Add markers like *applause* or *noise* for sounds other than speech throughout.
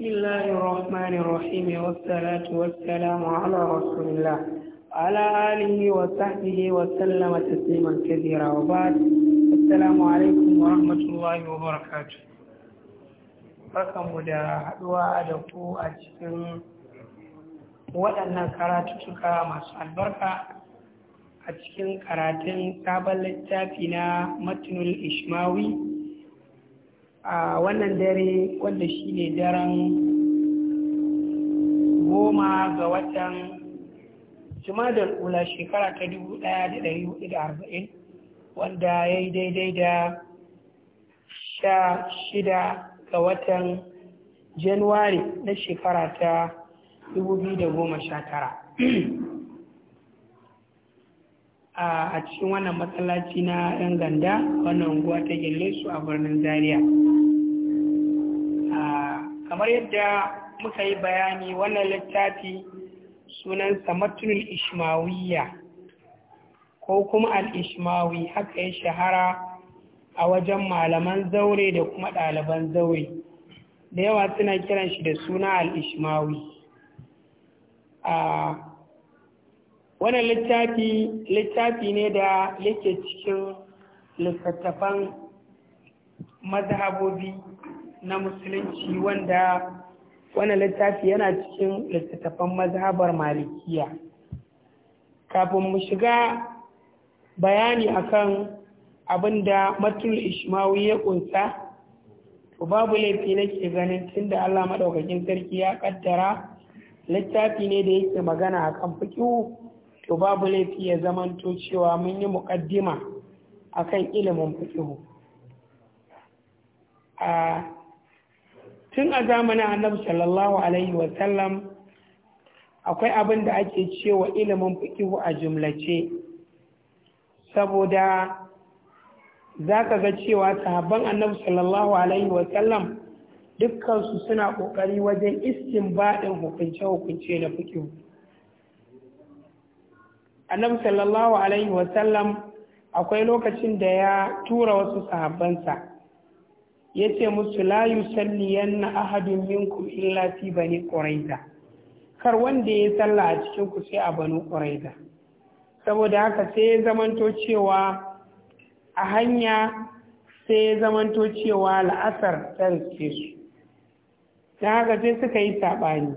بسم الله الرحمن الرحيم والصلاة والسلام على رسول الله على آله وصحبه وسلم تسليما كثيرا وبعد السلام عليكم ورحمة الله وبركاته barkanmu da haɗuwa da ku a cikin waɗannan karatuttuka masu albarka a cikin karatun sabon littafi na matinul ishmawi a wannan dare wanda shi ne daren goma ga watan jimadar ula shekara ta 1440 wanda ya yi daidai da sha shida ga watan januwari na shekara ta 2019 *clears throat* a cikin wannan matsalaci na yan ganda wannan unguwa ta gelle su a birnin zaria kamar yadda muka yi bayani wannan littafi sunan samatunin ishmawiya ko kuma al-ishmawi haka ya shahara a wajen malaman zaure da kuma ɗaliban zaure da yawa suna kiran shi da suna al-ishmawi wannan littafi littafi ne da yake cikin littattafan mazhabobi na musulunci wanda wannan littafi yana cikin littattafan mazhabar malikiya kafin mu shiga bayani akan abin da matul ishmawi ya kunsa to babu laifi nake ganin tunda Allah madaukakin sarki ya kaddara littafi ne da yake magana akan fiqhu to babu laifi ya zamanto cewa mun yi muƙaddima akan ilimin fiƙihu tun a zamanin annabi sallallahu alaihi wasallam akwai abin da ake cewa ilimin fiƙihu a jumlace saboda za ka ga cewa sahabban annabi sallallahu alaihi wasallam dukkansu suna ƙoƙari wajen istin baɗin hukunce-hukunce na fiƙihu annabi sallallahu alaihi wasallam akwai lokacin da ya tura wasu sahabbansa ya ce musu la yusalliyanna ahadun minkum illa fi bani quraiza kar wanda ya sallah a cikin ku sai a bani quraiza saboda haka sai ya zamanto cewa a hanya sai ya zamanto cewa la'asar ta su da haka sai suka yi saɓani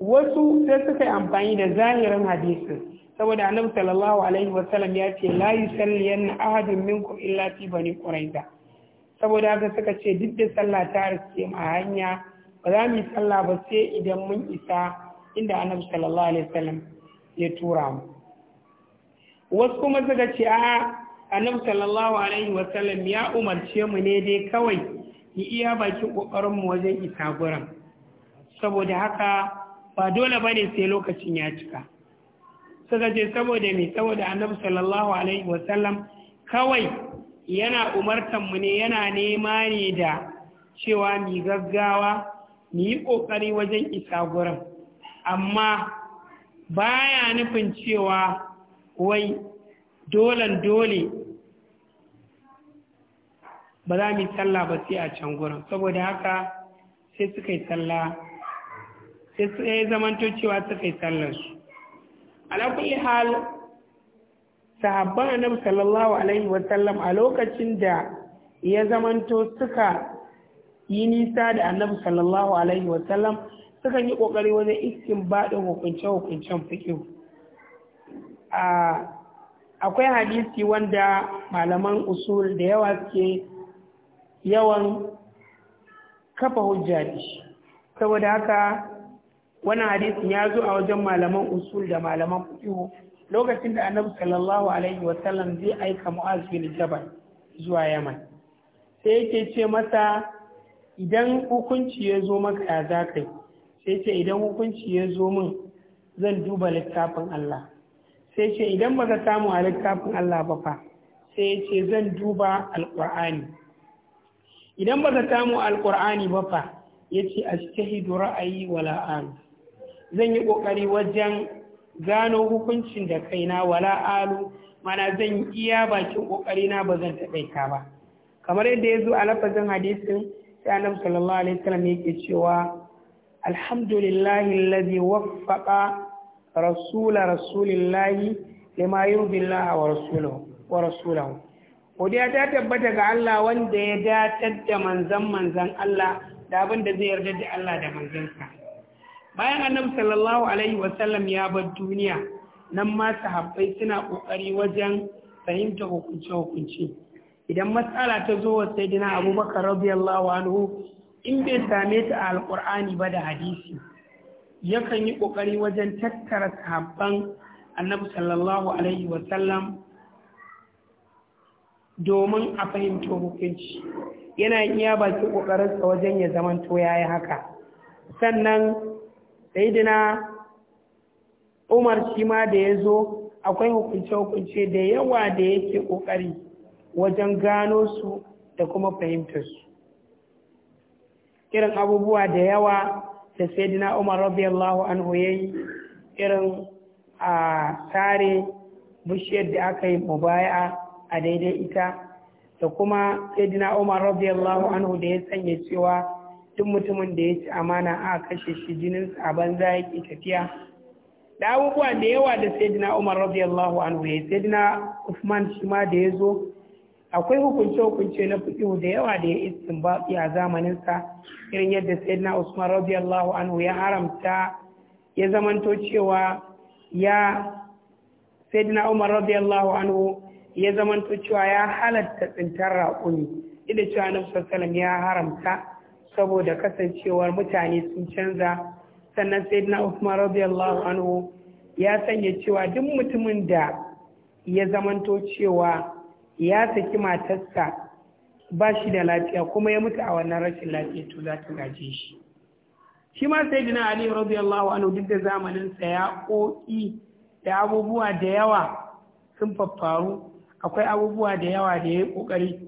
wasu sai suka yi amfani da zahirin hadisi saboda annabi sallallahu alaihi wasallam ya ce la yusalliyanna ahadun minkum illa fi bani quraiza saboda haka suka ce duk da sallah ta rike a hanya ba za mu yi sallah ba sai idan mun isa inda annabi sallallahu alaihi wasallam ya tura mu wasu kuma suka ce a annabi sallallahu alaihi wasallam ya umarce mu ne dai kawai yi iya bakin kokarin mu wajen isa gurin saboda haka ba dole ba ne sai lokacin ya cika suka ce saboda mai saboda annabi sallallahu alaihi wasallam kawai yana mu ne yana nema ne da cewa mi gaggawa mai yi ƙoƙari wajen isa gurin amma baya nufin cewa wai dolan dole ba za mu yi sallah ba sai a can gurin saboda haka sai suka yi sallah sai su ya zamanto cewa suka yi sallarsu ala kulli hal sahabban annabi sallallahu alaihi wasallam a lokacin da ya zamanto suka yi nisa da annabi sallallahu alaihi wasallam sukan yi ƙoƙari wajen iskin baɗin hukunce-hukuncen fikihu akwai hadisi wanda malaman usul da yawa ke yawan kafa hujjaji saboda haka wannan hadisin ya zo a wajen malaman usul da malaman fiqh lokacin da annabi sallallahu alaihi wa sallam zai aika mu'az bin jabal zuwa yaman sai yake ce masa idan hukunci ya zo maka ya za kai sai ce idan hukunci ya zo min zan duba littafin Allah sai ce idan ba ka samu a littafin Allah ba fa sai ce zan duba alƙur'ani idan ba ka samu alƙur'ani ba fa ya ce a ra'ayi wala alu zan yi ƙoƙari wajen gano hukuncin da kaina wala alu mana zan iya bakin ƙoƙari na ba zan ka ba kamar yadda ya zo a lafazin hadisin sai annab sallallahu alaihi wasallam yake cewa alhamdulillahi alladhi waffaqa rasula rasulillahi lima yurdillahi wa rasuluhu wa rasuluhu godiya ta tabbata ga Allah wanda ya datar da manzan manzan Allah da abinda zai yarda da Allah da manzansa bayan annabi sallallahu alaihi wasallam ya bar duniya nan ma sahabbai suna kokari wajen fahimta hukunce hukunce idan matsala ta zo wa sayyidina abubakar radiyallahu anhu in bai same ta a ba da hadisi yakan yi kokari wajen tattara sahabban annabi sallallahu alaihi wasallam domin a fahimta hukunci yana iya baki ƙoƙarinsa wajen ya zamanto yayi haka sannan Saidina umar shi ma da ya zo akwai hukunce-hukunce da yawa da yake ƙoƙari wajen gano su da kuma fahimtar su. irin abubuwa da yawa da saidina umar radiyallahu an ya yi irin a tare bishiyar da aka yi mubaya a daidai ita da kuma saidina umar radiyallahu an da ya sanya cewa duk mutumin da ya ci amana a kashe shi jinin jininsa a banza yake tafiya da abubuwa da yawa da sayyidina Umar radiyallahu anhu ya sayyidina Uthman shi ma da ya zo akwai hukunce hukunce na fiqh da yawa da ya istinbati a zamanin sa irin yadda sayyidina Usman radiyallahu anhu ya haramta ya zamanto cewa ya sayyidina Umar radiyallahu anhu ya zamanto cewa ya halatta tsintar raƙumi inda cewa Annabi sallallahu alaihi wasallam ya haramta saboda kasancewar mutane sun canza sannan sayyidina Uthman radiyallahu anhu ya sanya cewa duk mutumin da ya zamanto cewa ya saki matarsa ba shi da lafiya kuma ya mutu a wannan rashin lafiya to za ta gaje shi shi ma sayyidina Ali radiyallahu anhu duk da zamanin sa ya koki da abubuwa da yawa sun faffaru akwai abubuwa da yawa da ya yi kokari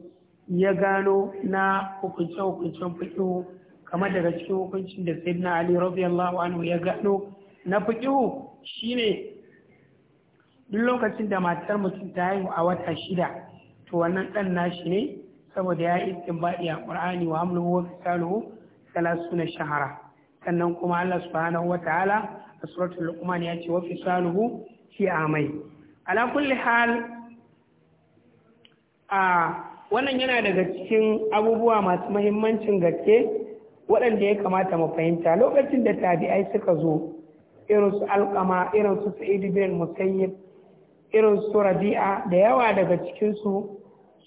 ya gano na hukunce-hukuncen fiƙihu kamar daga cikin hukuncin da sayyidina ali radiyallahu anhu ya gano na fiƙihu shine duk lokacin da matar mutum ta haihu a wata shida to wannan ɗan nashi ne saboda ya yi istinbadi a qur'ani wa hamluhu wa salasu na shahara sannan kuma Allah subhanahu ta'ala, a suratul luqman ya ce wa saluhu fi amai ala kulli hal a wannan yana daga cikin abubuwa masu mahimmancin gaske waɗanda ya kamata mu fahimta lokacin da tabi'ai suka zo irin su alƙama irin su sa'idu bin musayyib irin su rabi'a da yawa daga cikinsu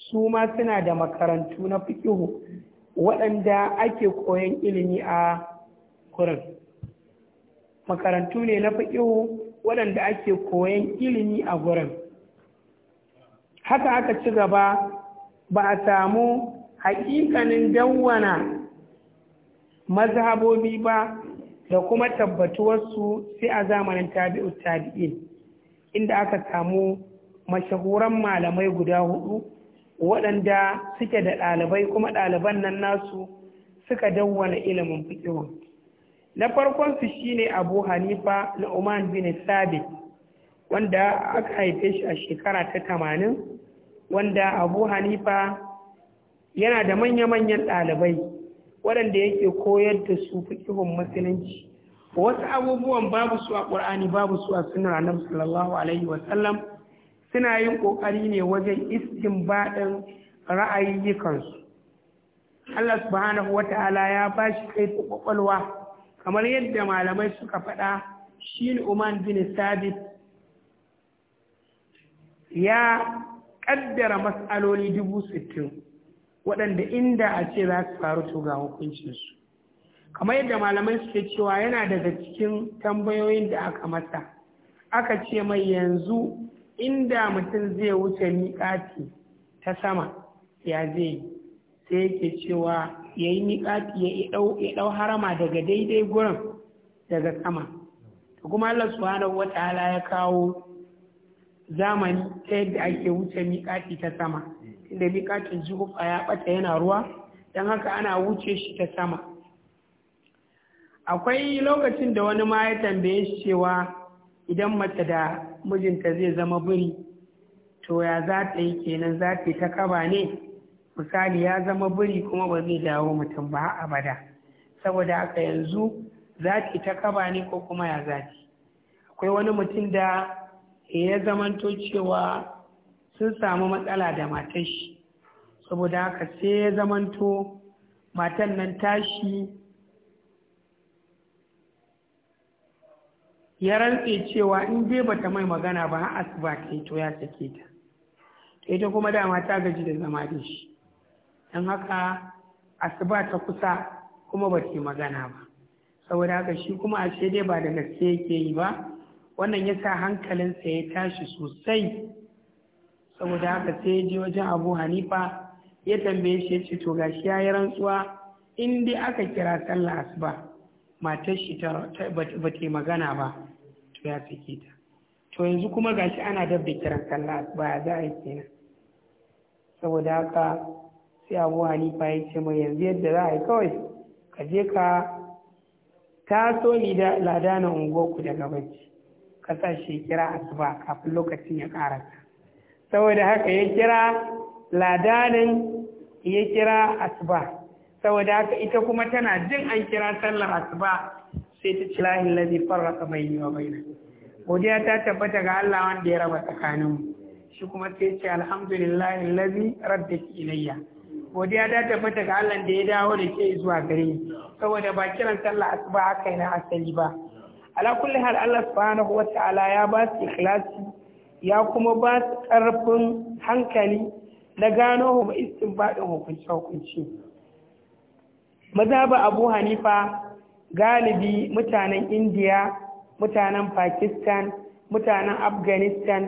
su ma suna da makarantu na fikihu waɗanda ake koyon ilimi a kurin makarantu ne na fikihu waɗanda ake koyon ilimi a gurin haka aka ci gaba ba a samu hakikanin dawwana mazhabobi ba da kuma tabbatuwarsu sai a zamanin tabi'ut tabi'in inda aka samu mashahuran malamai guda hudu waɗanda suke da ɗalibai kuma ɗaliban nan nasu suka dawwana ilimin fikihun na farkon su shine abu hanifa na bin sabit wanda aka haife shi a shekara ta tamanin wanda abu hanifa yana da manya-manyan ɗalibai waɗanda yake koyar da su fikihun musulunci wasu abubuwan babu su a ƙur'ani babu su a sunan annabi sallallahu alaihi sallam suna yin ƙoƙari ne wajen istinbadin ra'ayyukansu Allah subhanahu wa ta'ala ya ba shi kai ƙwaƙwalwa kamar yadda malamai suka faɗa shi Uman bin Sabit ya kaddara matsaloli dubu sittin waɗanda inda a ce za su faru to ga hukuncinsu kamar yadda malamai suke cewa yana daga cikin tambayoyin da aka mata aka ce mai yanzu inda mutum zai wuce miƙati ta sama ya zai sai yake cewa ya yi miƙati ya ɗau harama daga daidai gurin daga sama kuma Allah subhanahu wa ta'ala ya kawo zamani ta yadda ake wuce miƙati ta sama inda miƙatin zuhufa ya ɓata yana ruwa don haka ana wuce shi ta sama akwai lokacin da wani ma ya tambaye shi cewa idan mace da mijinta zai zama biri to ya za ta yi kenan za ta yi ta kaba ne misali ya zama biri kuma ba zai dawo mutum ba abada saboda haka yanzu za ta yi ta kaba ne ko kuma ya za ta akwai wani mutum da Eh, ya zamanto cewa sun samu matsala da matar shi saboda haka sai ya zamanto matan nan tashi ya rantse cewa in dai bata mai magana ba har asuba ta to ya sake ta ita kuma dama ta gaji da zama da shi don haka asuba ta kusa kuma ba ta magana ba saboda haka shi kuma ashe dai ba da gaske yake yi ba wannan ya sa hankalinsa ya tashi sosai saboda haka sai ya je wajen abu hanifa ya tambaye shi ya ce to ga shi ya yi rantsuwa in dai aka kira sallah asuba matar shi ba ta magana ba to ya sake ta to yanzu kuma gashi ana dab da kiran sallah asuba ya za a yi kenan saboda haka sai abu hanifa ya ce mai yanzu yadda za a yi kawai ka je ka taso ni da ladana unguwarku daga bacci ka sa shi kira asuba kafin lokacin ya karasa saboda haka ya kira ladanin ya kira asuba saboda haka ita kuma tana jin an kira sallar asuba sai ta ci lahin lazi fara mai yi wa na godiya ta tabbata ga Allah wanda ya raba tsakaninmu shi kuma sai ce alhamdulillah lazi ki ilayya godiya ta tabbata ga Allah da ya dawo da ke zuwa gare saboda ba kiran sallar asuba aka yi na asali ba ala kulli hal Allah subhanahu Ta'ala ya ba su ikhlasi ya kuma ba su karfin hankali na gano ba istinbadin hukunci hukunci mazhabu Abu Hanifa galibi mutanen India mutanen Pakistan mutanen Afghanistan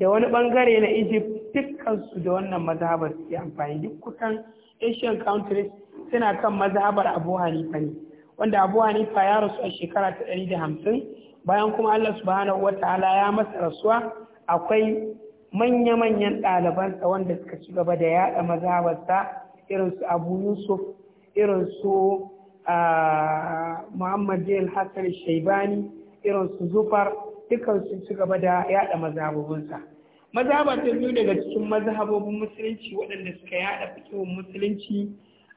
da wani bangare na Egypt dukkansu da wannan mazhabar su amfani duk kusan Asian countries suna kan mazhabar Abu Hanifa ne wanda abu hanifa ya rasu a shekara ta ɗari da hamsin bayan kuma allah subhanahu wa ta'ala ya masa rasuwa akwai manya-manyan ɗalibansa wanda suka ci gaba da yaɗa mazabarsa, irin su abu yusuf irin su muhammad jil hassan shaibani irin su zufar dukkan su ci gaba da yaɗa mazababinsa mazhabar ta biyu daga cikin mazhabobin musulunci waɗanda suka yaɗa fikihun musulunci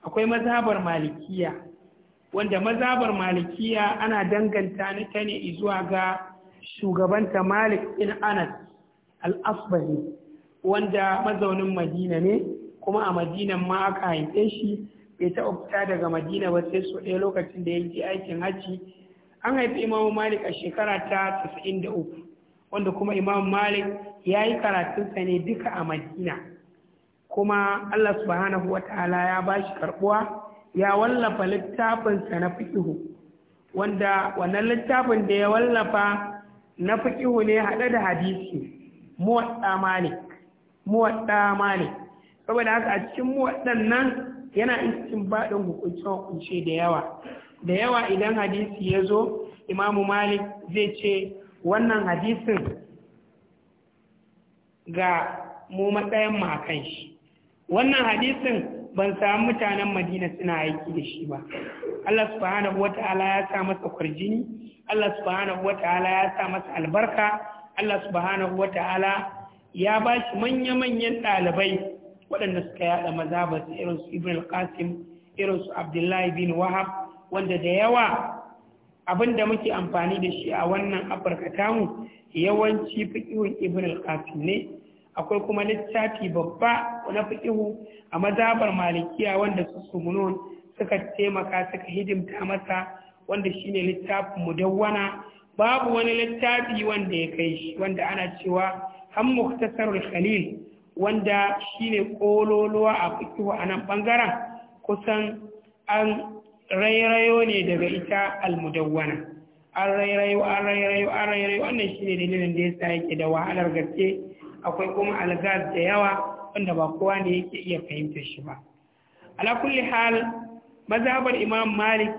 akwai mazhabar malikiya wanda mazabar malikiya ana danganta ni ta ne zuwa ga shugabanta malik in anas al-asbari wanda mazaunin madina ne kuma a madinan ma aka haife shi bai taɓa fita daga madina ba sai su ɗaya lokacin da ya je aikin hajji an haifi imamu malik a shekara ta 93 wanda kuma imamu malik ya yi karatunsa ne duka a madina kuma allah subhanahu wa ta'ala ya bashi shi karɓuwa ya wallafa littafinsa na fiƙihu wanda wannan littafin da ya wallafa na fiƙihu ne haɗe da hadisi muwaɗa malik muwaɗa malik saboda haka a cikin muwaɗan nan yana cikin baɗin hukunce-hukunce da yawa da yawa idan hadisi ya zo imamu malik zai ce wannan hadisin ga mu matsayin mu a kan shi wannan hadisin ban samu mutanen madina suna aiki da shi ba Allah subhanahu wata'ala ya sa masa kwarjini Allah subhanahu wata'ala ya sa masa albarka Allah subhanahu wata'ala ya ba shi manya-manyan ɗalibai waɗanda suka yaɗa maza irin su ibn al-qasim irin su abdullahi bin wahab wanda da yawa abinda muke amfani da shi a wannan afirka tamu yawanci fiƙiwin ibn al-qasim ne akwai kuma littafi babba na fiqihu a mazabar malikiya wanda su sumunun suka taimaka suka hidimta masa wanda shine littafin mudawwana babu wani littafi wanda ya kai shi wanda ana cewa han muktasarul khalil wanda shine kololuwa a fiqihu a nan bangaren kusan an rairayo ne daga ita almudawwana an rairayo an rairayo an rairayo wannan shine dalilin da yasa yake da wahalar gaske akwai kuma algas da yawa wanda ba kowa ne yake iya fahimtar shi ba ala kulli hal mazhabar imam malik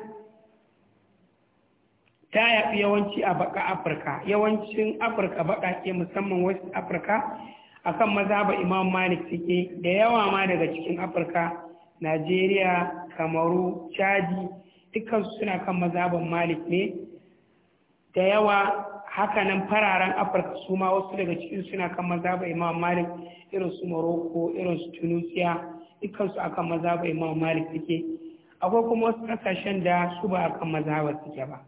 ta yafi yawanci a baka afirka yawancin afirka ke musamman west afirka akan mazhabar imam malik suke da yawa ma daga cikin afirka najeriya kamaru chadi dukkan suna kan mazhabar malik ne da yawa hakanan fararen afirka su ma wasu daga cikin suna kan mazaba imam malik irin su morocco irin su tunisia su akan mazaba imam malik suke akwai kuma wasu kasashen da su ba akan mazaba suke ba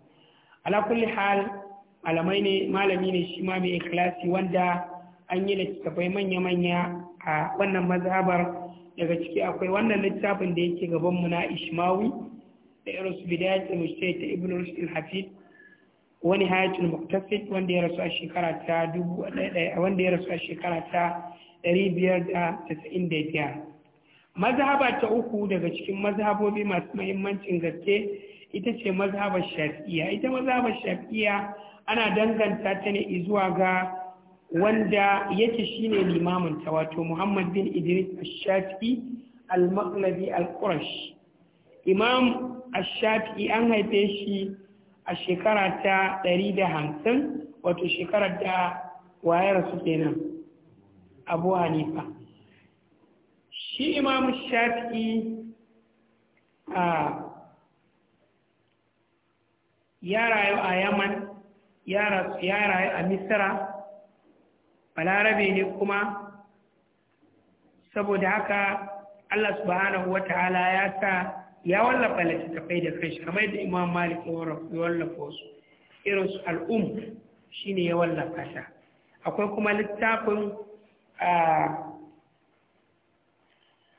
ala kulli hal malamai ne malami ne shi ma mai klasi wanda an yi littattafai manya-manya a wannan mazhabar daga ciki akwai wannan littafin da yake gaban mu na ishmawi da irin su bidayatul mujtahid ta ibn rushd al wani hayatul muktasid wanda ya rasu a shekara ta dubu eh, wanda ya rasu a shekara ta ɗari biyar da tasa'in da biyar mazhaba ta uku daga cikin mazhabobi masu mahimmancin gaske ita ce mazhabar shafi'iya ita mazhabar shafi'iya ana danganta ta ne zuwa ga wanda yake shine limamin ta wato muhammad bin idris ash-shafi'i al-maqlabi al-qurash imam ash-shafi'i an haife shi a shekara ta ɗari da hamsin wato shekarar da wayar su kenan abu hanifa shi imamu shafi'i a ya rayu a yaman ya rayu a misira balarabe ne kuma saboda haka allah subhanahu wa ta'ala ya sa ya wallafa littattafai da kai kamar da imam malik ya wallafa su irin su al'um shine ya wallafa ta akwai kuma littafin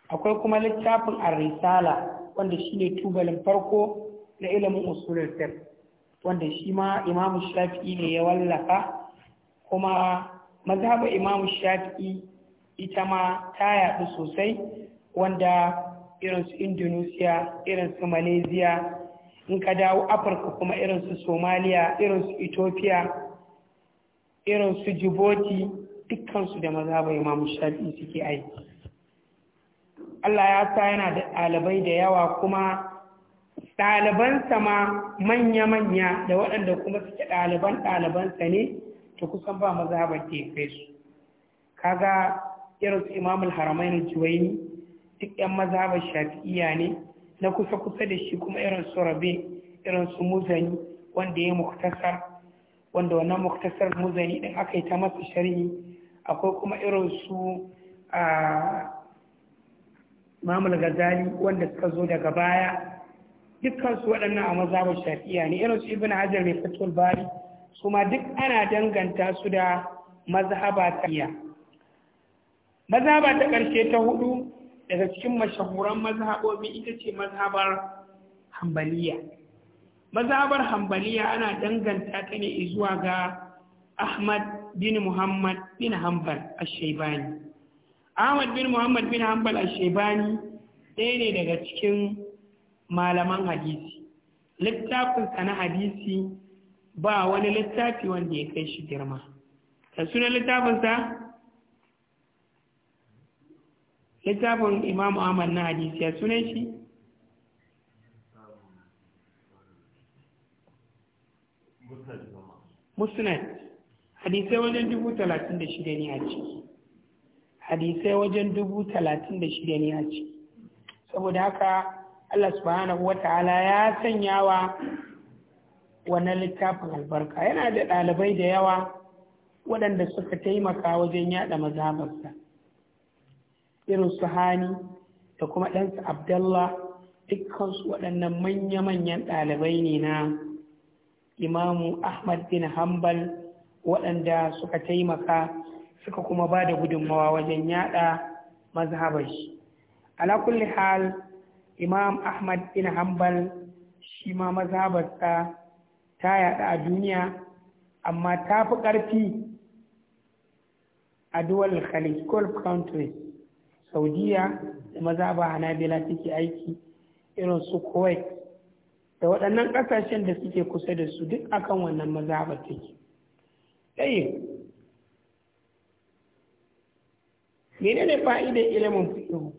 akwai kuma littafin ar-risala wanda shine tubalin farko na ilimin usulul fiqh wanda shi ma imam shafi'i ne ya wallafa kuma mazhabin imam shafi'i ita ma ta yaɗu sosai wanda irin su indonesia irin su malaysia in ka dawo afirka kuma irin su somalia irin su ethiopia irin su djibouti dukkansu da mazhabar imam suke aiki allah ya sa yana da ɗalibai da yawa kuma ɗalibansa ma manya-manya da waɗanda kuma suke ɗaliban ɗalibansa ne to kusan ba maza ke kai su kaga irin su imamul haramain juwaini duk yan mazhabar shafi'iya ne na kusa kusa da shi kuma irin su rabe irin su muzani wanda ya muktasar wanda wannan muktasar muzani din aka yi ta masa sharhi akwai kuma irin su a mamul gazali wanda suka zo daga baya dukkan su waɗannan a mazhabar shafi'iya ne irin su ibn hajar mai fatul bari su ma duk ana danganta su da mazhaba ta mazhaba ta ƙarshe ta hudu daga cikin mashahuran mazhabobi ita ce mazhabar hambaliya mazhabar hambaliya ana danganta ta ne zuwa ga ahmad bin muhammad bin hanbal ash-shaybani ahmad bin muhammad bin hanbal ash-shaybani ɗaya ne daga cikin malaman hadisi littafinsa na hadisi ba wani littafi wanda ya kai shi girma da sunan littafinsa littafin imamu ahmad na hadisi ya sunan shi musnad hadisai wajen dubu talatin da shida ne a ciki hadisai wajen dubu talatin da shida ne a ciki saboda haka Allah subhanahu wata'ala ya sanya wa wannan littafin albarka yana da ɗalibai da yawa waɗanda suka taimaka wajen yaɗa mazhabarsa irin su hani da kuma ɗansa abdallah dukkansu waɗannan manya-manyan ɗalibai ne na imamu ahmad bin hambal waɗanda suka taimaka suka kuma ba da gudunmawa wajen yaɗa mazhabar shi ala kulli hal imam ahmad bin hambal shi ma mazhabarsa ta yada a duniya amma ta fi ƙarfi a dual country countries saudiya ba hanabila take aiki irin su kuwait da waɗannan ƙasashen da suke kusa da su duk akan wannan maza ba take ɗaya ne fa'ida ilimin fiƙihu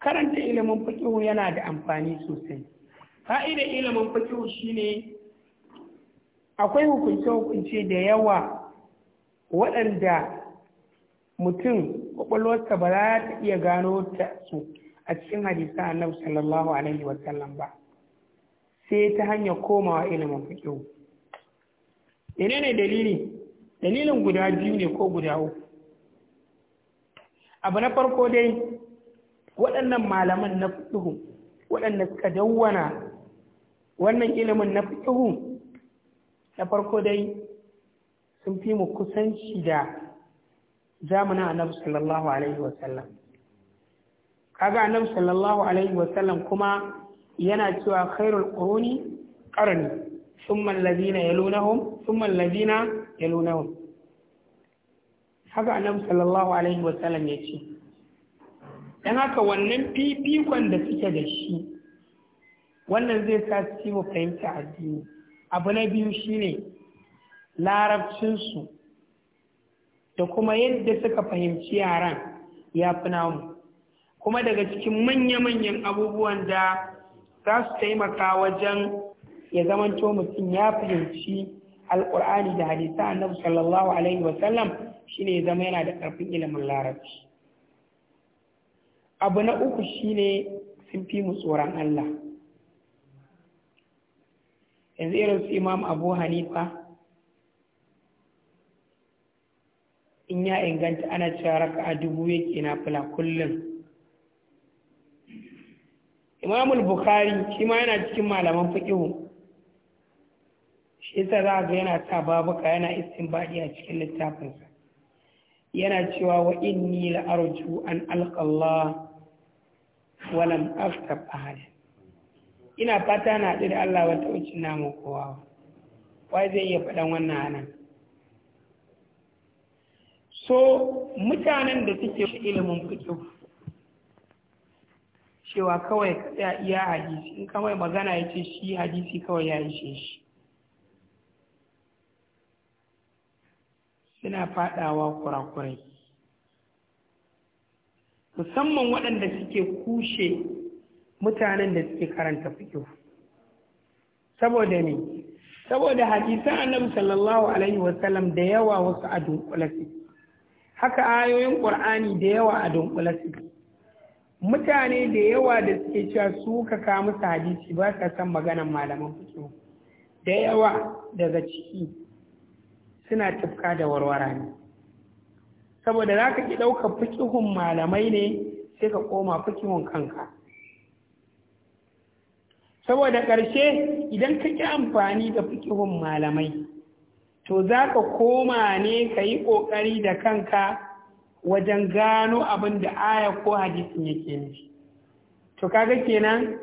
karanta ilimin fiƙihu yana da amfani sosai Fa'ida ilimin fiƙihu shine akwai hukunce-hukunce da yawa waɗanda mutum kwakwalwarsa ba za ta iya gano ta su a cikin a annabi sallallahu alaihi wasallam ba sai ta hanyar komawa ilimin fiqh ne dalili dalilin guda biyu ne ko guda uku abu na farko dai waɗannan malaman na fiqh waɗanda suka dawwana wannan ilimin na fiqh na farko dai sun fi mu kusanci da zamanin annabi sallallahu alaihi wasallam kaga annabi sallallahu alaihi wasallam kuma yana cewa khairul quruni qarni thumma alladhina yalunahum thumma alladhina yalunahum haka annabi sallallahu alaihi wasallam ya ce dan haka wannan fifikon da suke da shi wannan zai sa su fahimta addini abu na biyu shine larabcinsu da kuma yadda suka fahimci yaran ya fi namu kuma daga cikin manya-manyan abubuwan da za su taimaka wajen ya zamanto mutum ya fahimci alkur'ani da hadisa annabi sallallahu alaihi wasallam shine ya zama yana da ƙarfin ilimin larabci abu na uku shine sun fi mu tsoron Allah yanzu irin su imam abu hanifa in ya inganta ana cewa a dubu yake na fila kullum imamul bukhari shi ma yana cikin malaman fiqihu shi ta za ga yana sa babuka yana baɗi a cikin littafinsa yana cewa wa inni ni an alƙalla walam afta lam ina fata na haɗu da Allah wata wucin namu kowa wai zai iya faɗan wannan anan so mutanen da suke ilimin fiqh cewa kawai ya iya hadisi in ka magana ya ce shi hadisi kawai ya ishe shi suna fadawa kurakurai musamman waɗanda suke kushe mutanen da suke karanta fiƙo saboda ne saboda hadisan annabi sallallahu alaihi wasallam da yawa wasu a dunkule suke haka ayoyin ƙur'ani da yawa a dunkula suke mutane da yawa da suke cewa su ka musu hadisi ba sa san maganan malaman fito da yawa daga ciki suna tafka da warwara ne saboda za ka ki ɗaukar fikihun malamai ne sai ka koma fikihun kanka saboda ƙarshe idan ka ƙi amfani da fikihun malamai to za ka koma ne ka yi ƙoƙari da kanka wajen gano abin da aya ko hadisin yake nufi to kaga kenan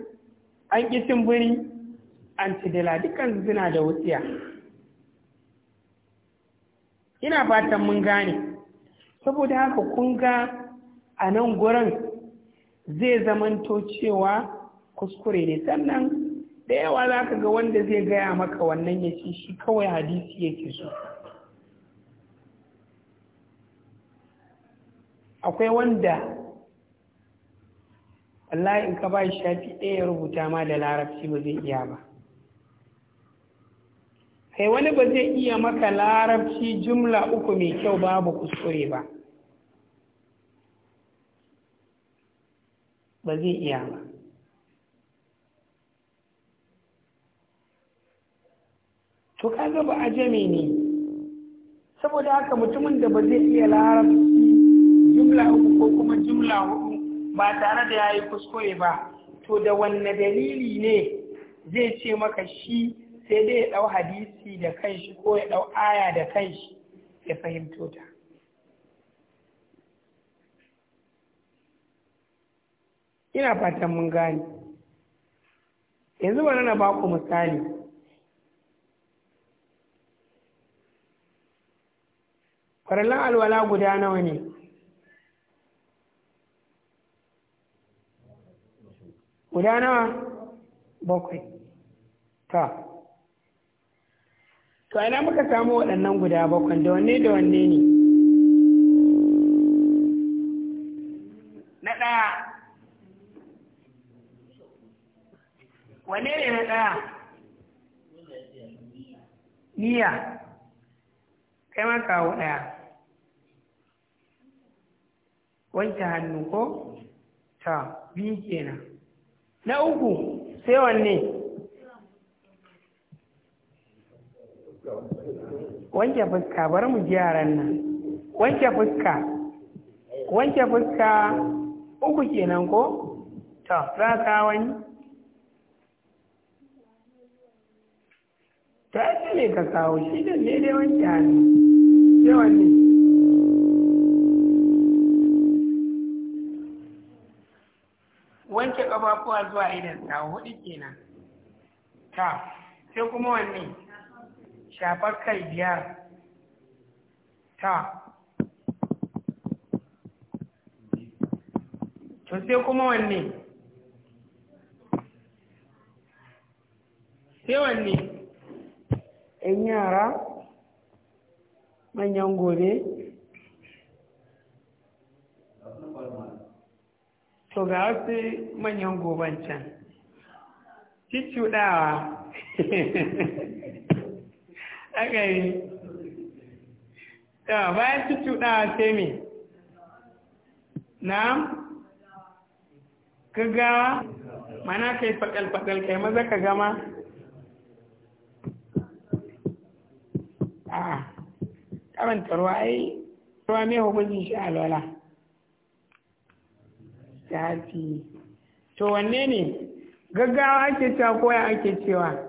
an ƙi biri an tidila dukkan suna da wutsiya ina fatan mun gane saboda haka kun ga a nan gurin zai zamanto cewa kuskure ne sannan da yawa za ka ga wanda zai gaya maka wannan ya ce shi kawai hadisi yake so akwai wanda wallahi in ka ba shafi ɗaya ya rubuta ma da larabci ba zai iya ba kai wani ba zai iya maka larabci jumla uku mai kyau babu kuskure ba ba zai iya ba to kaga ba ajami ne saboda haka mutumin da ba zai iya larabci jumla uku ko kuma jumla hudu ba tare da yayi kuskure ba to da wanne dalili ne zai ce maka shi sai dai ya dau hadisi da kanshi ko ya dau aya da kanshi ya fahimto ta ina fatan mun gane yanzu bari na baku misali farallan alwala guda nawa ne guda nawa bakwai ta to ina muka samu waɗannan guda bakwai da wanne da wanne ne na ɗaya wanne ne na ɗaya niyya kai ma kawo ɗaya wanke hannu ko ta biyu kenan na uku sai wanne wanke fuska bari mu ji yaran nan wanke fuska wanke fuska uku kenan ko ta za ka wani ta yi ne ka kawo shi ne dai wanke hannu sai wanne wanke ƙafafuwa zuwa idan ta hudu kenan ta sai kuma wanne shafar kai biyar ta to sai kuma wanne sai wanne in yara manyan gobe to ga wasu manyan goban can cicciɗawa *laughs* aka yi yawa bayan cicciɗawa sai mai, na gaggawa mana ka yi fakal-fakal kai maza ka gama a karanta ruwa ai ruwa mai hukuncin shi a lola. littafi to wanne ne gaggawa ake cewa ko ya ake cewa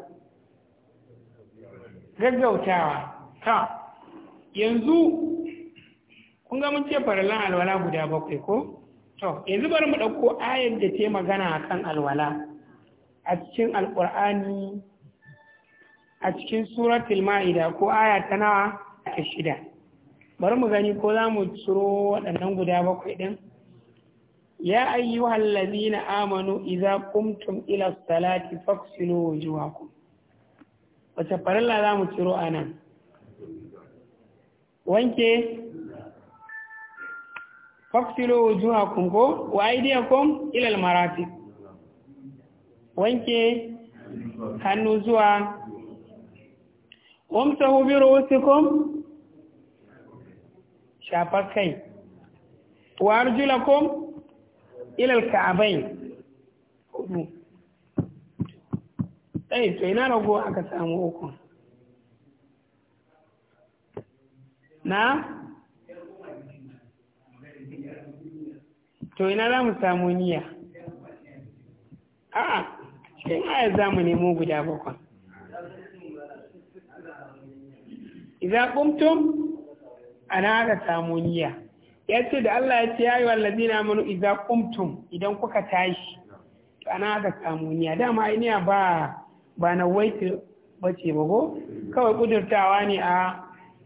gaggautawa ta yanzu kun ga mun ce farallan alwala guda bakwai ko to yanzu bari mu ɗauko ayar da ta magana akan alwala a cikin alƙur'ani a cikin suratul ma'ida ko aya ta nawa ta shida bari mu gani ko za mu ciro waɗannan guda bakwai ɗin ya ayyuha na amanu iza kumtum ila salati faksilu wujuhakum wace farilla za mu ciro a nan wanke faksilu ku ko wa aidiyakum ila marafiq wanke hannu zuwa umsahu bi ru'usikum shafa kai wa ku? ilal ka'abai hudu ɗai to ina rago aka samu uku na to ina za mu samu niyya a'a cikin ayar za mu nemo guda bakwai idan kumtum ana aka samu niyya ya ce da Allah ya ce yayi wallazi na manu idza kumtum idan kuka tashi ana da samu niyya dama iniya ba ba na waiti bace ba ko kawai kudurtawa ne a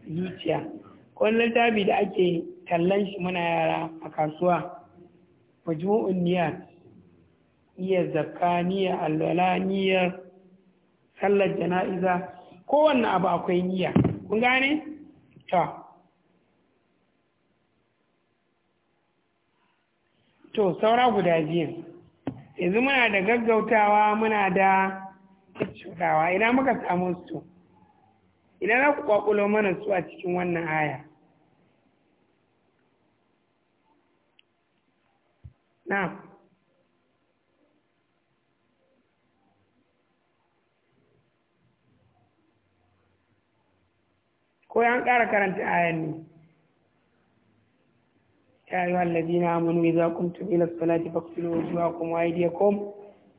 zuciya wani littafi da ake tallan shi muna yara a kasuwa majmu'un niyyat niyyar zakka niyyar alwala niyyar sallar jana'iza kowanne abu akwai niyya kun gane to to saura guda biyu yanzu muna da gaggautawa muna da shugawa. idan muka samu su idan za ku kwakulo mana su a cikin wannan aya na ko an ƙara karanta ayan ne يا أيها الذين آمنوا إذا قمتم إلى الصلاة فاغسلوا وجوهكم وأيديكم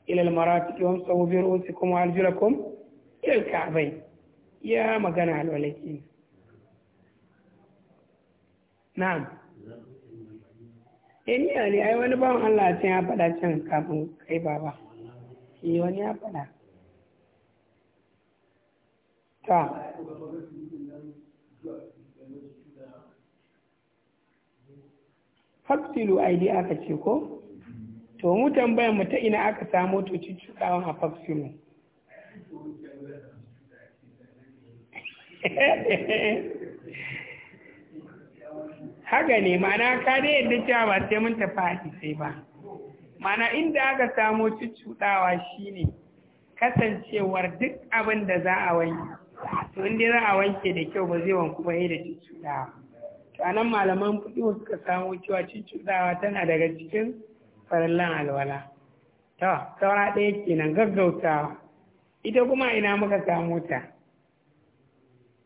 إلى المرافق وامسحوا برؤوسكم وأرجلكم إلى الكعبين يا مجانا الولكين نعم in ya ne ai wani bawan Allah can ya faɗa can kafin kai baba shi wani ya faɗa ta fafsilu aidi aka ce ko to mu tambayar mu ta ina aka samo to cuccuɗawan a fafsilu *laughs* haka ne mana ka dai yadda cewa ba sai mun tafi sai ba Mana inda aka samo cuccuɗawa shine kasancewar duk abin da za a wanke to inda za a wanke da kyau ba zai wanku ba da cuccuɗawa to anan malaman fiɗiwa suka samo cewa cuccuɗawa tana daga cikin farallan alwala to saura ɗaya kenan gaggautawa ita kuma ina muka samo ta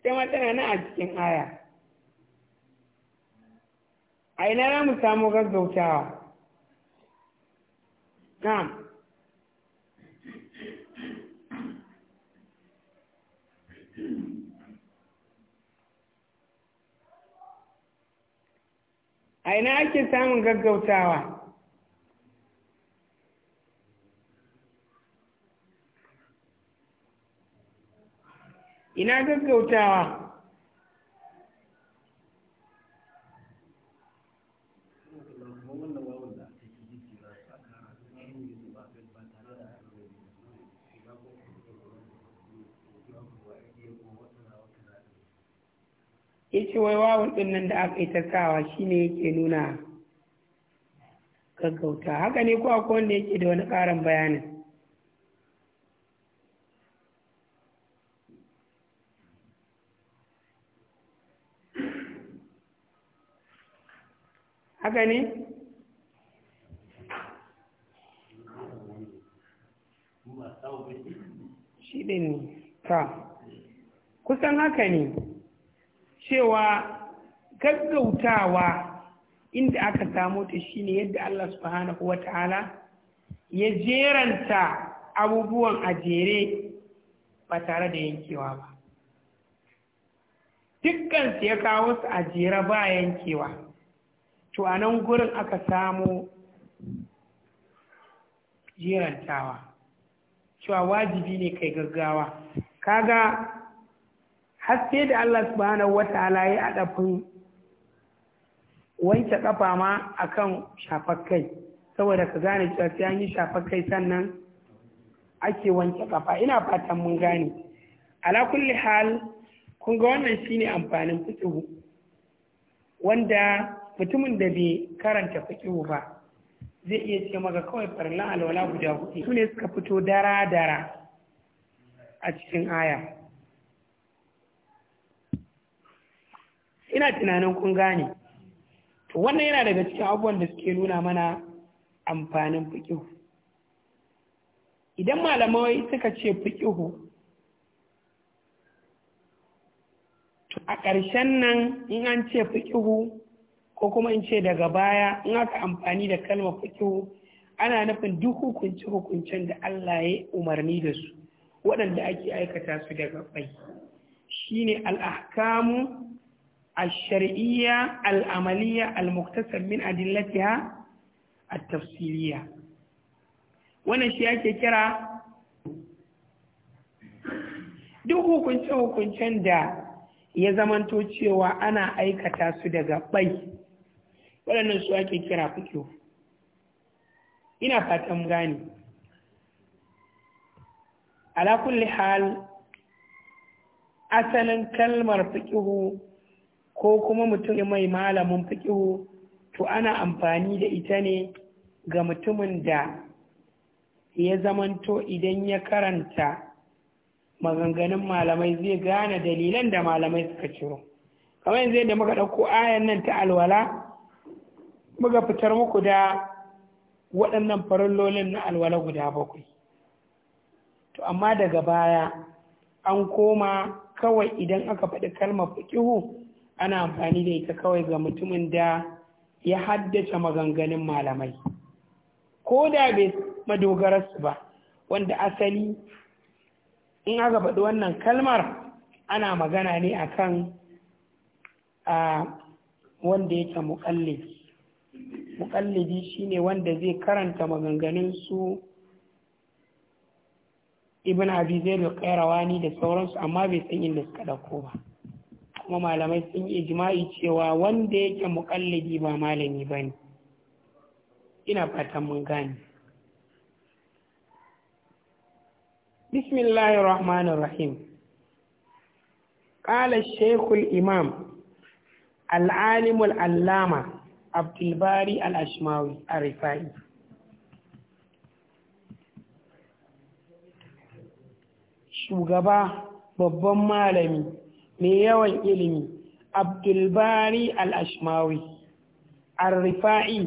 sai matsala na a cikin aya a ina za mu samo gaggautawa na'am a ina ake samun gaggautawa ina gaggautawa ya ce wai wawun ɗin nan da aka yi ta sawa shi ne yake nuna gaggauta haka ne ko akwai wanda yake da wani ƙarin bayanin haka ne shi ɗin ne ta kusan haka ne cewa gaggautawa inda aka samo ta shi ne yadda Allah subhanahu wa ta'ala ya jeranta abubuwan a jere ba tare da yankewa ba dukkansu ya kawo su a jere ba yankewa to a nan gurin aka samu jerantawa cewa wajibi ne kai gaggawa kaga haske da Allah subhanahu ta'ala ya adafin wanke ƙafa ma akan shafar kai saboda ka gane cewa sai an yi shafar kai sannan ake wanke ƙafa. ina fatan mun gane ala kulli hal kun ga wannan shine amfanin fiqhu wanda mutumin da bai karanta fiqhu ba zai iya ce maka kawai farlan alwala guda hudu su ne suka fito dara dara a cikin aya ina tunanin kun gane to wannan yana daga cikin abubuwan da suke nuna mana amfanin fikihu idan malamai suka ce fikihu a ƙarshen nan in an ce fikihu ko kuma in ce daga baya in aka amfani da kalmar fikihu ana nufin duk hukunce hukuncen da Allah ya umarni da su waɗanda ake aikata su daga bai shine al-ahkamu الشرعية العملية المكتسب من أدلتها التفصيلية wannan shi ake kira duk hukunce-hukuncen da ya zamanto cewa ana aikata su daga bai waɗannan su ake kira fikiyo ina fatan gani ala kulli hal asalin kalmar fikihu ko kuma mutum mai malamin fikihu, to ana amfani da ita ne ga mutumin da ya zamanto idan ya karanta maganganun malamai zai gane dalilan da malamai suka ciro kamar yanzu yadda muka ɗauko ayan nan ta alwala muka fitar muku da waɗannan farallolin na alwala guda bakwai to amma daga baya an koma kawai idan aka faɗi kalmar fikihu ana amfani da ita kawai ga mutumin da ya haddace maganganun malamai ko da bai madogararsu ba wanda asali in aka faɗi wannan kalmar ana magana ne a kan wanda yake muƙallidi muƙallidi shine wanda zai karanta maganganun su ibn abi zaid kairawa ne da sauransu amma bai san inda suka ɗauko ba kuma malamai sun yi jima'i cewa wanda yake muƙallidi ba malami ba ne ina fatan mun gane bismillahir rahmanir rahim imam alalimul allama Abdulbari العلامة عبد الباري shugaba babban malami mai yawan ilimi abdulbari Alashmawi. ashmawi al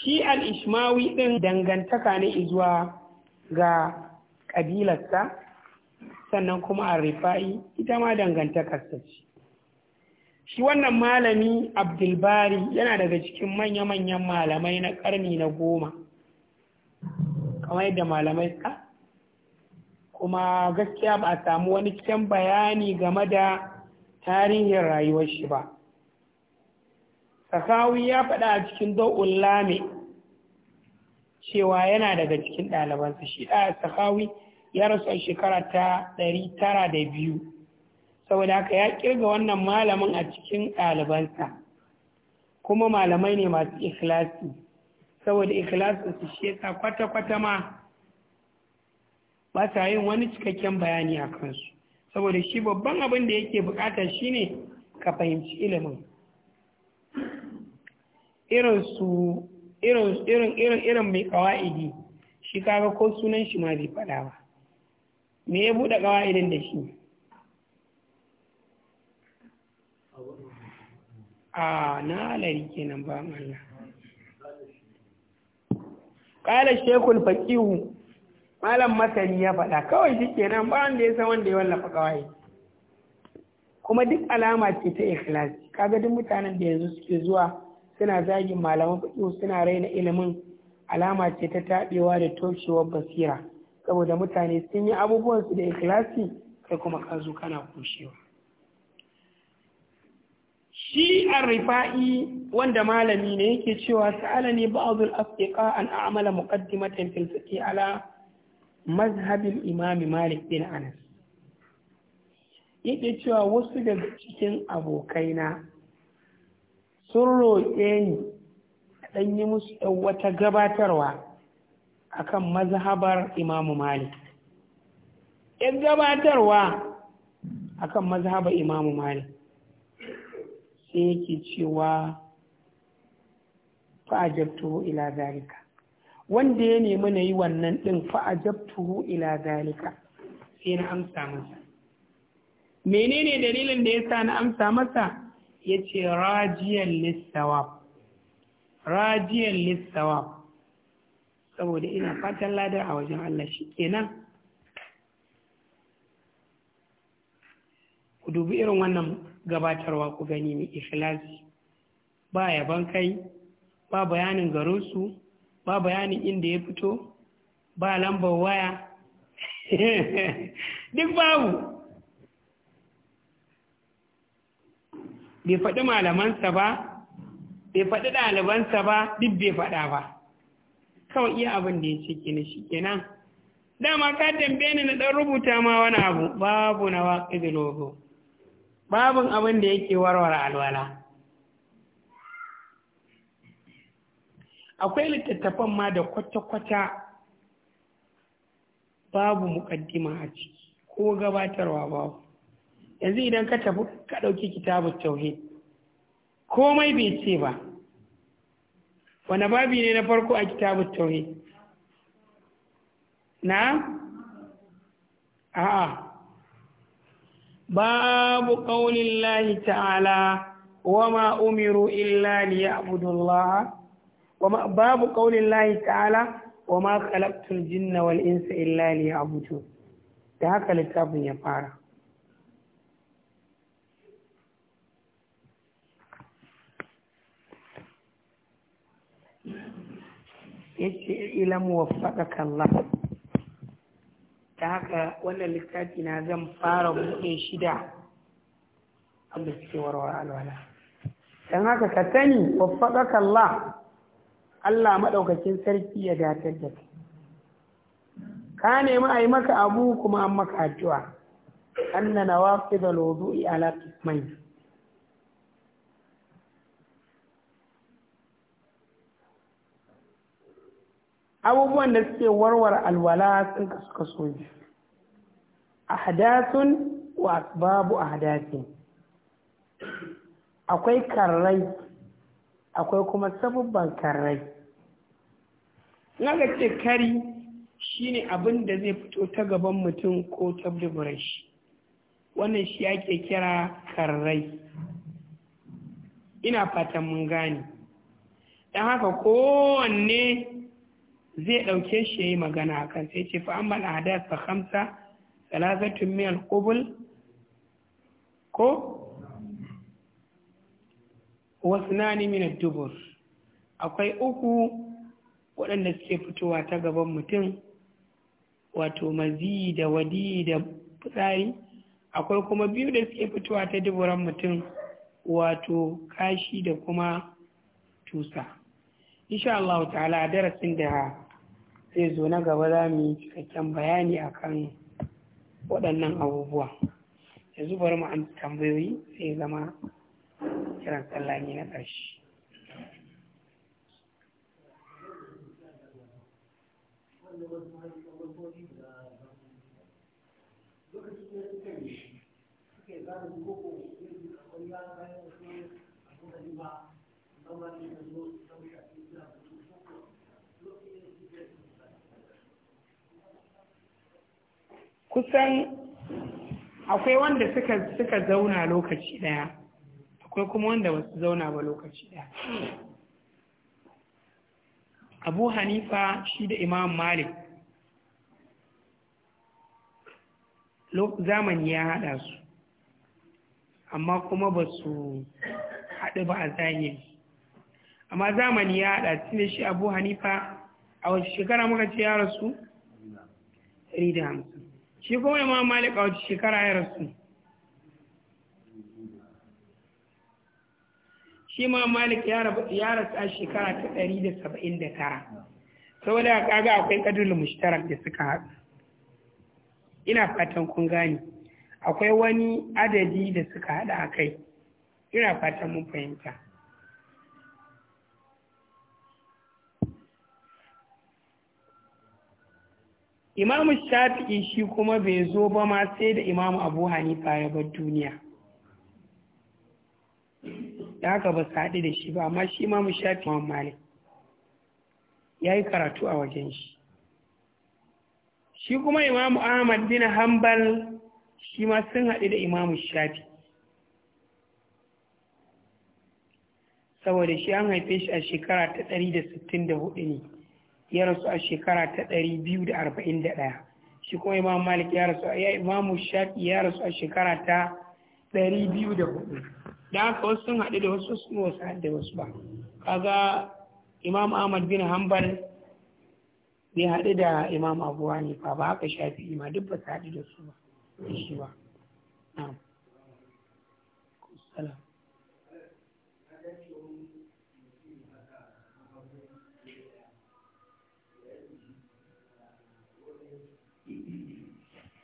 shi al ɗin dangantaka ne izuwa ga ƙabilarsa sannan kuma al-rifa'i ita ma dangantakarsa ce shi wannan malami abdulbari yana daga cikin manya-manyan malamai na ƙarni na goma kamar yadda malamai ka kuma gaskiya ba a samu wani cikin bayani game da tarihin rayuwar shi ba sakawi ya faɗa a cikin do'un lami cewa yana daga cikin ɗalibansa shi ɗaya sakawi ya rasu a shekara ta ɗari tara da biyu saboda haka ya kirga wannan malamin a cikin ɗalibansa kuma malamai ne masu ikilasi. saboda su shi yasa kwata-kwata ma ba sa yin wani cikakken bayani a kansu saboda shi babban abin da yake bukata shine ka fahimci ilimin irin su irin irin irin mai kawa'idi shi kaga ko sunan shi ma bai fada ba me ya buɗe kawa'idin da shi a na alari kenan ba Allah qala shaykhul malam masani ya faɗa kawai shi kenan ba wanda ya san wanda ya wallafa kawai kuma duk alama ce ta ikhlasi kaga duk mutanen da yanzu suke zuwa suna zagin malaman fiqh suna raina ilimin alama ce ta taɓewa da toshewar basira saboda mutane sun yi abubuwan su da ikhlasi kai kuma ka zo kana kushewa shi arifa'i wanda malami ne yake cewa sa'ala ne ba'dul asfiqa an a'mala muqaddimatan fil fiqi ala mazhabin imami malik bin anas yake cewa wasu daga cikin abokaina sun roƙe ni ɗan yi musu wata gabatarwa akan mazhabar imamu malik in gabatarwa akan mazhabar imamu malik sai yake cewa fa'ajabtu ila zalika wanda ya nemi na yi wannan ɗin fa'ajabtuhu ila zalika sai na amsa masa menene dalilin da ya sa na amsa masa ya ce rajiyar lissawab rajiyar lissawab saboda ina fatan ladar a wajen Allah shi kenan ku dubi irin wannan gabatarwa ku gani mai ikhlasi ba yaban kai ba bayanin garinsu ba bayanin inda ya fito ba lambar waya *laughs* duk babu bai faɗi malamansa ba bai faɗi ɗalibansa ba duk bai faɗa ba kawai iya abin da ya ce na shi kenan dama ka tambaye ni na ɗan rubuta ma wani abu babu na waƙi Babin abin da yake warware alwala akwai littattafan ma da kwata-kwata babu muƙaddima a ciki ko gabatarwa babu yanzu idan ka tafi ka ɗauki kitabun tauhid komai bai ce ba wani babi ne na farko a kitabun tauhid na a'a babu ƙaunin lahi ta'ala wa ma umiru illa liya'budu Allah wa babu qaulin lahi ta'ala wa ma khalaqtul jinna wal insa illa liya'budun da haka littafin ya fara yace ilam waffaqaka Allah da haka wannan littafi na zan fara buɗe shida abin da suke warware alwala dan haka ka sani waffaqaka Allah Allah maɗaukakin sarki ya datar da kai ka nemi a yi maka abu kuma an maka addu'a anna nawaqid da wudui ala mai. abubuwan da suke warware alwala sun kasu kaso biyu ahdathun wa asbabu ahdathin akwai karrai akwai kuma sabubban karrai na ga ce kari shi ne abin da zai fito ta gaban mutum ko ta duburai shi wannan shi ake kira karrai ina fatan mun gane don haka kowanne zai ɗauke shi ya yi magana a kan sai ce fa'an ba al'adar sa hamsa salazatun miyar kubul ko wasu nani minar dubur akwai uku waɗanda suke fitowa ta gaban mutum wato mazi da wadi da fitsari akwai kuma biyu da suke fitowa ta duburan mutum wato kashi da kuma tusa insha Allah ta'ala a darasin da zai zo na gaba za mu yi cikakken bayani akan waɗannan abubuwa yanzu bari mu an tambayoyi sai zama kiran sallah na ƙarshe kusan akwai wanda suka zauna lokaci daya akwai kuma wanda ba su zauna ba lokaci daya abu hanifa shi da imam malik zamani ya haɗa su amma kuma ba su haɗu ba a zahiri amma zamani ya haɗa su da shi abu hanifa a wasu shekara muka ce ya rasu? 350 shi kuma imam malik a wace shekara ya rasu? shi ma malik ya rasa shekara ta ɗari da saba'in da tara saboda kaga akwai kadulul mushtarar da suka haɗu ina fatan kun gane akwai wani adadi da suka haɗa a kai ina fatan mun fahimta imamu shafi'i shi kuma bai zo ba ma sai da imamu abu hanifa ya bar duniya da aka ba su haɗu da shi ba amma shi ma mu shafi Imam Malik ya yi karatu a wajen shi shi kuma Imam Ahmad bin Hanbal shi ma sun haɗu da Imam Shafi saboda shi an haife shi a shekara ta ɗari da sittin da hudu ne ya rasu a shekara ta ɗari biyu da arba'in da ɗaya shi kuma Imam Malik ya rasu a Imam Shafi ya rasu a shekara ta ɗari biyu da hudu da haka wasu sun haɗu da wasu sun wasu da wasu ba kaga imam ahmad bin hanbal bai haɗu da imam abu hanifa ba haka shafi ma duk ba su haɗu da su ba shi ba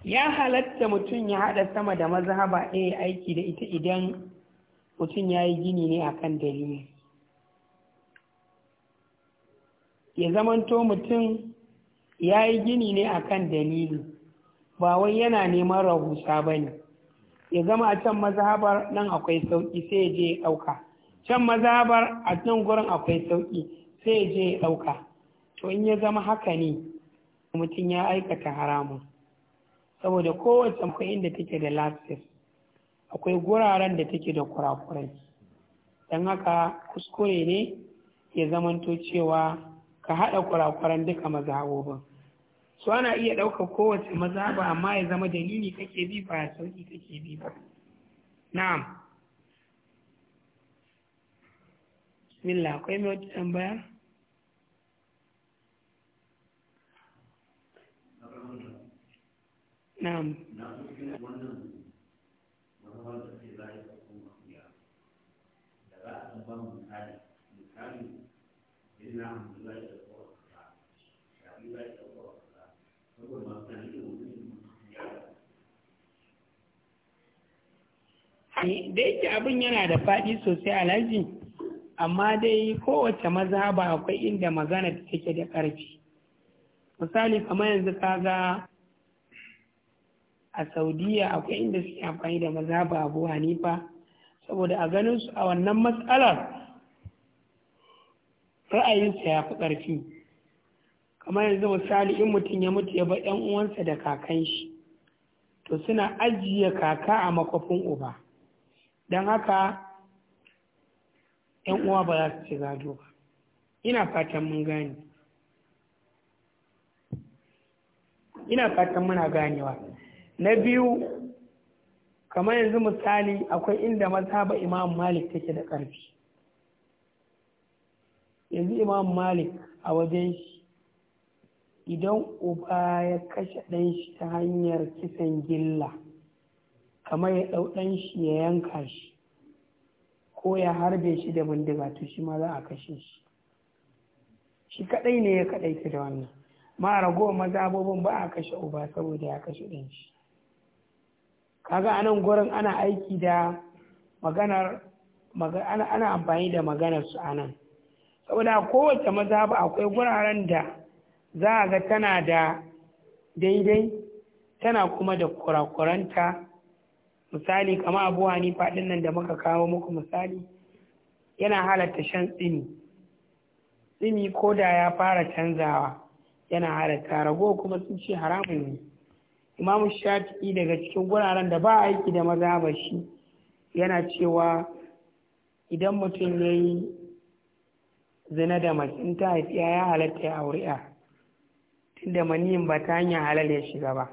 ya halatta mutum ya haɗa sama da mazhaba ɗaya aiki da ita idan mutum ya yi gini ne a kan dalili ya zamanto mutum ya yi gini ne a kan dalili ba wai yana neman rahusa ba ne ya zama a can mazhabar nan akwai sauƙi sai ya je ya ɗauka can mazhabar a nan gurin akwai sauƙi sai ya je ya ɗauka to in ya zama haka ne mutum ya aikata haramun saboda kowace akwai inda take da lafiya akwai guraren da take da kurakurai don haka kuskure ne ya zamanto cewa ka haɗa kurakuran duka mazhabobin su ana iya ɗaukar kowace mazhaba amma ya zama dalili kake bi ba sauƙi kake bi ba na'am bismillah akwai mai wata tambaya na'am da yake abin yana da faɗi sosai a alhaji amma dai kowace maza ba akwai inda magana da take da ƙarfi misali kamar yanzu kaga a saudiya akwai inda suke amfani da mazhaba abu hanifa saboda a ganin su a wannan matsalar ra'ayinsa ya fi ƙarfi kamar yanzu misali in mutum ya mutu ya bar 'yan uwansa da kakan shi to suna ajiye kaka a makwafin uba don haka 'yan uwa ba za su ci gado ba ina fatan mun gane ina fatan muna ganewa na biyu kamar yanzu misali akwai inda ba imam malik take da ƙarfi yanzu imam malik a wajen shi idan uba ya kashe ɗan shi ta hanyar kisan gilla kamar ya ɗau ɗan shi ya yanka shi ko ya harbe shi da bindiga to shi ma za a kashe shi shi kaɗai ne ya kaɗai ta da wannan ma maza mazabobin ba a kashe uba saboda ya kashe ɗan shi kaga anan gurin ana aiki da maganar ana amfani da maganar su anan saboda kowace maza ba akwai guraren da za a ga tana da daidai tana kuma da kurakuranta misali kama abu hanifa din nan da muka kawo muku misali yana halatta shan tsini tsini ko da ya fara canzawa yana halatta rago kuma sun ce haramun ne imamu shafi'i daga cikin guraren da ba aiki da maza ba shi yana cewa idan mutum ya yi zina da mace ta haifi ya halatta ya aure a tunda maniyin ba ta hanyar halal ya shiga ba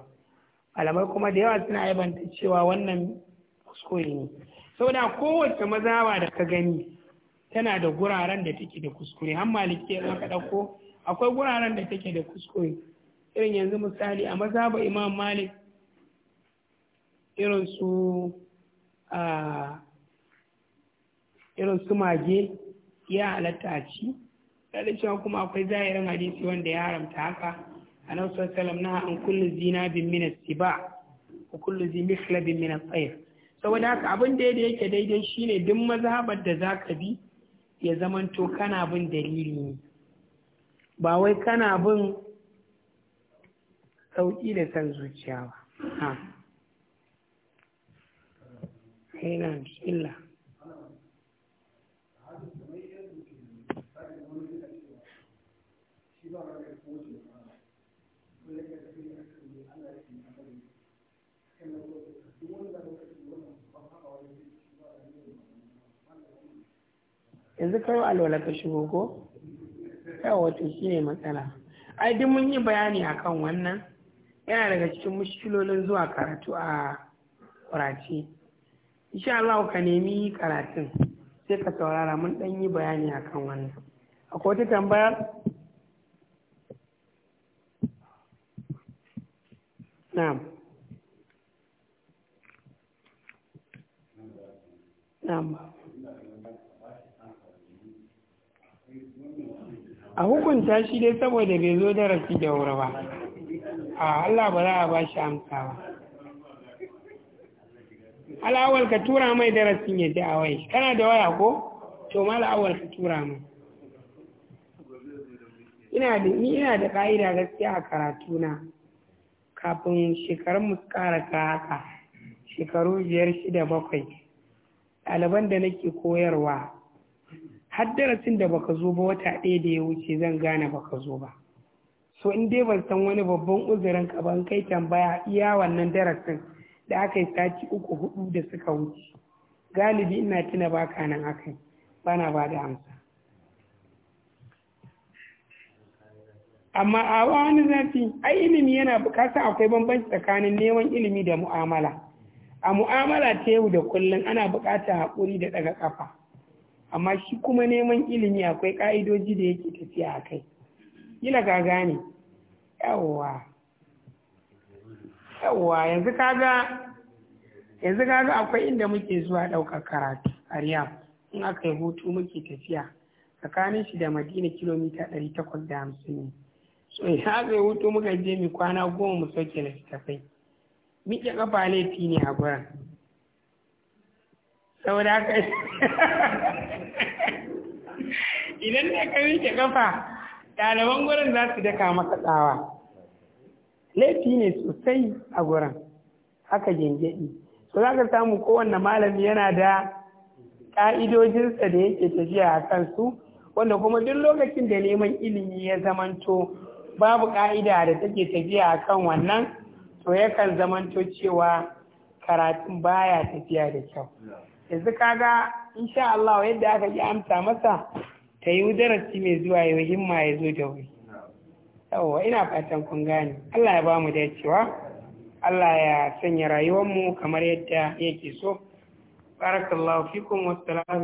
malamai kuma da yawa suna aibanta cewa wannan kuskure ne saboda kowace mazawa da ka gani tana da guraren da take da kuskure har maliki ya ka ɗauko akwai guraren da take da kuskure irin yanzu misali a mazaba imam malik irin su ah, irin su mage ya halatta a ci da cewa kuma akwai zahirin hadisi wanda ya haramta haka a nan salam na an kullu zina bin minas siba ko kullu zi bin minas tsayir saboda haka abin da yake daidai shine duk mazhabar da za ka bi ya zaman to kana bin dalili ne ba wai kana bin sauki da san zuciya ba. Ha. Ina bismillah. yanzu kai alwala ka shigo ko yawa shi ne matsala ai duk mun yi bayani akan wannan yana daga cikin mushkilolin zuwa karatu a kurace insha Allah ka nemi karatun sai ka saurara mun dan yi bayani akan wannan akwai wata tambayar na'am na'am a hukunta shi dai saboda bai zo darasi da wura ba a Allah ba za a ba shi amsa ba al'awal ka tura mai darasin ya ji a wai kana da waya ko to ma al'awal ka tura mai ina da ni ina da ka'ida gaskiya a karatu na kafin shekarun mu kara ka haka shekaru biyar shida bakwai ɗaliban da nake koyarwa har darasin da baka zo ba wata ɗaya da ya wuce zan gane baka zo ba so in dai ban san wani babban uzurin ka ban kai tambaya iya wannan darasin da aka yi sati uku hudu da suka wuce galibi ina tuna baka nan akai bana ba da amsa amma a wani zafi ai ilimi yana bukatar akwai bambanci tsakanin neman ilimi da mu'amala a mu'amala ta yau da kullum ana bukatar haƙuri da ɗaga kafa amma shi kuma neman ilimi akwai ka'idoji da yake tafiya a kai gina ka gane yawwa yawwa yanzu kaga yanzu akwai inda muke zuwa ɗaukar karatu a riyam in aka yi hutu muke tafiya tsakanin shi da madina kilomita ɗari takwas da hamsin ne so in aka yi hutu muka je mu kwana goma mu sauke tafai. miƙe ƙafa laifi ne a gurin saboda haka *laughs* idan ne ka rike kafa ɗaliban gurin za su daka maka tsawa laifi ne sosai a gurin haka gyangyaɗi so za ka samu kowanne malami yana da ƙa'idojinsa da yake tafiya a kansu wanda kuma duk lokacin da neman ilimi ya zamanto babu ƙa'ida da take tafiya a kan wannan to yakan zamanto cewa karatun baya tafiya da kyau yanzu kaga insha Allah yadda aka ji amsa masa ta yi darasi mai zuwa yau himma ya zo da wuri yawwa ina fatan kun gane Allah ya ba mu cewa Allah ya sanya rayuwar mu kamar yadda yake so barakallahu fikum wassalamu